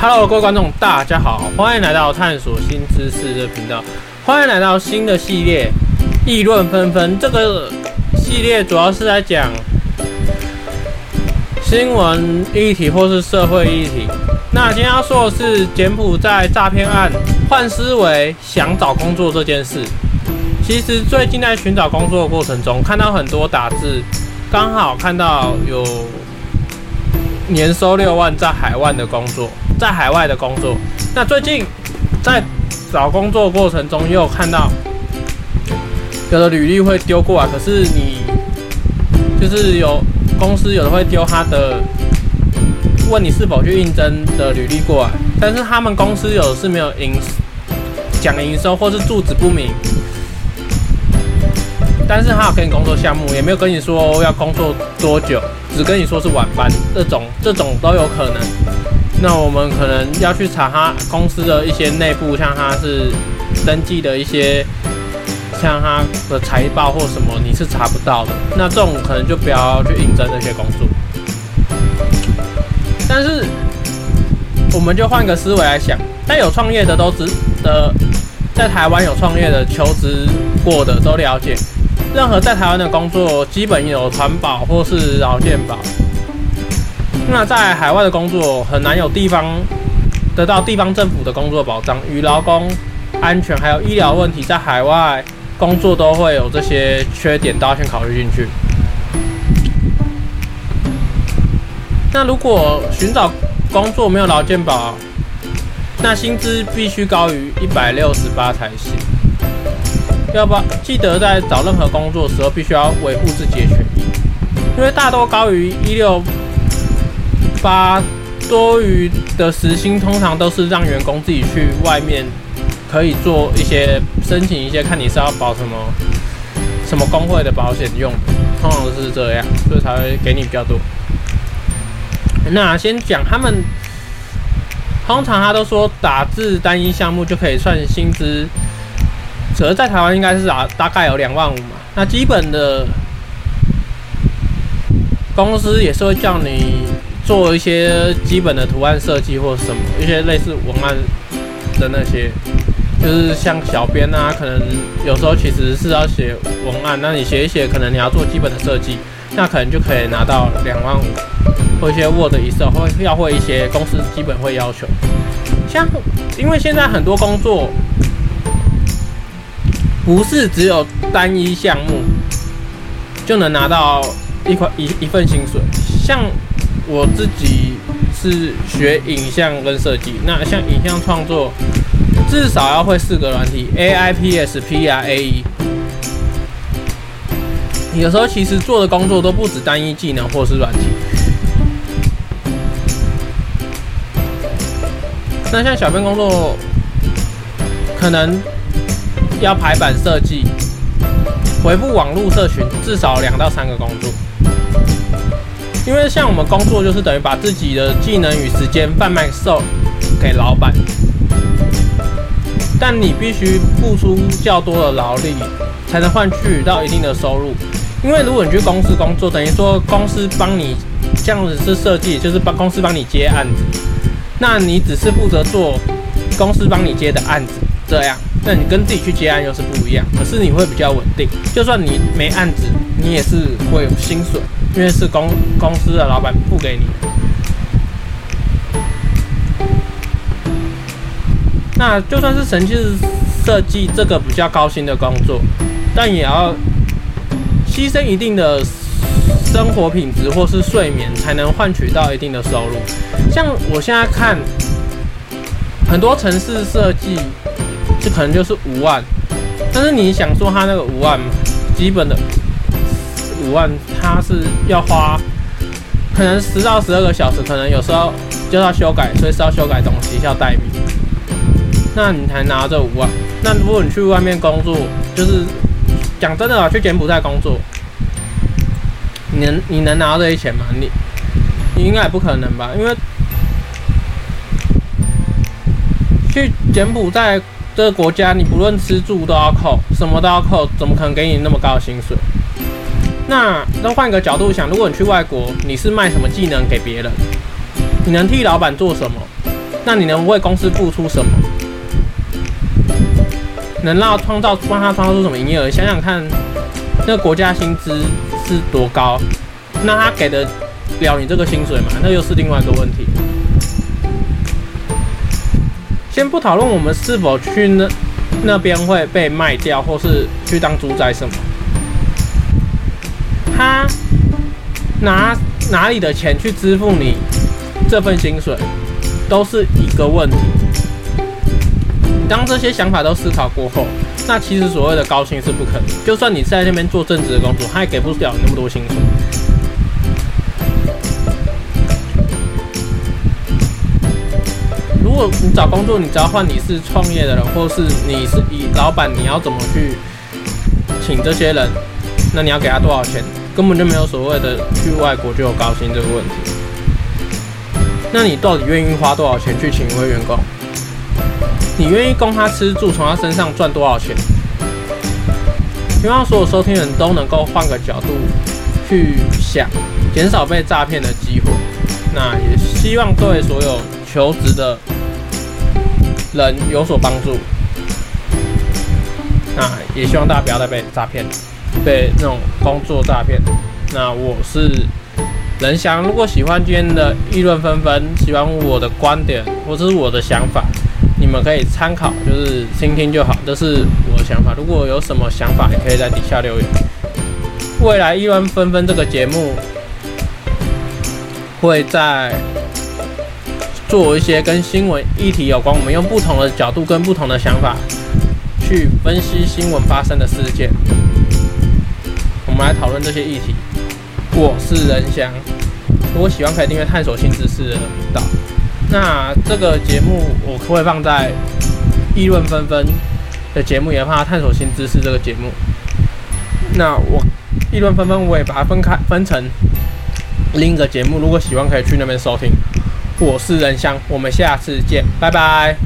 哈嘍各位觀眾，大家好，歡迎來到探索新知識的頻道，歡迎來到新的系列，議論紛紛。這個系列主要是來講新聞議題或是社會議題。那今天要說的是柬埔寨詐騙案，換思維，想找工作這件事。其實最近在尋找工作的過程中，看到很多打字，剛好看到有。年收六萬，在海外的工作，在海外的工作。那最近在找工作的過程中，也有看到有的履歷會丟過來，可是你就是有公司有的會丟他的，問你是否去應徵的履歷過來，但是他們公司有的是沒有營講營收或是住址不明。但是他有跟你工作項目，也沒有跟你說要工作多久，只跟你說是晚班這種，這種都有可能。那我們可能要去查他公司的一些內部，像他是登記的一些，像他的財報或什麼，你是查不到的。那這種可能就不要去應徵那些工作。但是，我們就換個思維來想，在有創業的都值得，在台灣有創業的求職過的都了解。任何在台灣的工作，基本有團保或是勞健保。那在海外的工作，很難有地方得到地方政府的工作保障，與勞工安全還有醫療問題，在海外工作都會有這些缺點，都要先考慮進去。那如果尋找工作沒有勞健保，那薪資必須高於一百六十八才行。要不記得在找任何工作的時候，必須要維護自己的權益，因為大多高於一六八多餘的時薪，通常都是讓員工自己去外面可以做一些申請一些，看你是要保什麼什麼工會的保險用，通常都是這樣，所以才會給你比較多。那先講他們通常他都說打字單一項目就可以算薪資。可是在台灣應該是啊，大概有兩萬五嘛。那基本的公司也是會叫你做一些基本的圖案設計或者什麼，一些類似文案的那些，就是像小編啊，可能有時候其實是要寫文案，那你寫一寫，可能你要做基本的設計，那可能就可以拿到兩萬五，或一些 Word 也是，或要會一些，公司基本會要求。像因為現在很多工作。不是只有單一項目就能拿到一塊一一份薪水。像我自己是學影像跟設計，那像影像創作，至少要會四個軟體，AI、PS、PR、AE。有時候其實做的工作都不止單一技能或是軟體。那像小編工作，可能。要排版設計，回復網絡社群，至少兩到三個工作。因為像我們工作就是等於把自己的技能與時間販賣售給老闆，但你必須付出較多的勞力才能換取到一定的收入。因為如果你去公司工作，等於說公司幫你這樣子是設計，就是幫公司幫你接案子，那你只是負責做公司幫你接的案子，這樣。那你跟自己去接案又是不一樣，可是你會比較穩定，就算你沒案子，你也是會有薪水，因為是公公司的老闆付給你。那就算是程式設計這個比較高薪的工作，但也要犧牲一定的生活品質或是睡眠，才能換取到一定的收入。像我現在看很多城市設計。可能就是五萬，但是你想說他那個五萬嘛，基本的五萬，他是要花，可能十到十二個小時，可能有時候就要修改，所以是要修改東西，要代名，那你才拿這五萬。那如果你去外面工作，就是講真的啊，去柬埔寨工作，你能你能拿到這些錢嗎？你，你應該也不可能吧，因為去柬埔寨。這個國家，你不論吃住都要扣，什麼都要扣，怎麼可能給你那麼高的薪水？那那換一個角度想，如果你去外國，你是賣什麼技能給別人？你能替老闆做什麼？那你能為公司付出什麼？能讓創造幫他創造出什麼營業額？想想看，那個國家薪資是多高？那他給得了你這個薪水嗎？那又是另外一個問題。先不討論我們是否去那那邊會被賣掉，或是去當豬仔什麼。他拿哪裡的錢去支付你這份薪水，都是一個問題。當這些想法都思考過後，那其實所謂的高薪是不可能。就算你在那邊做正職的工作，他也給不了那麼多薪水。如果你找工作，你只要換你是創業的人，或是你是以老闆，你要怎麼去請這些人？那你要給他多少錢？根本就沒有所謂的去外國就有高薪這個問題。那你到底願意花多少錢去請一位員工？你願意供他吃住，從他身上賺多少錢？希望所有收聽人都能夠換個角度去想，減少被詐騙的機會。那也希望對所有求職的。人有所幫助，那也希望大家不要再被詐騙，被那種工作詐騙。那我是仁翔，如果喜歡今天的議論紛紛，喜歡我的觀點或者是我的想法，你們可以參考，就是聽聽就好。這是我的想法，如果有什麼想法，也可以在底下留言。未來議論紛紛這個節目會在。做一些跟新聞議題有關，我們用不同的角度跟不同的想法去分析新聞發生的事件。我們來討論這些議題。我是仁翔，如果喜歡可以訂閱《探索新知識》的頻道。那這個節目我會放在《議論紛紛》的節目，也放在《探索新知識》這個節目。那我《議論紛紛》我也把它分開分成另一個節目，如果喜歡可以去那邊收聽。我是仁翔，我們下次見，拜拜。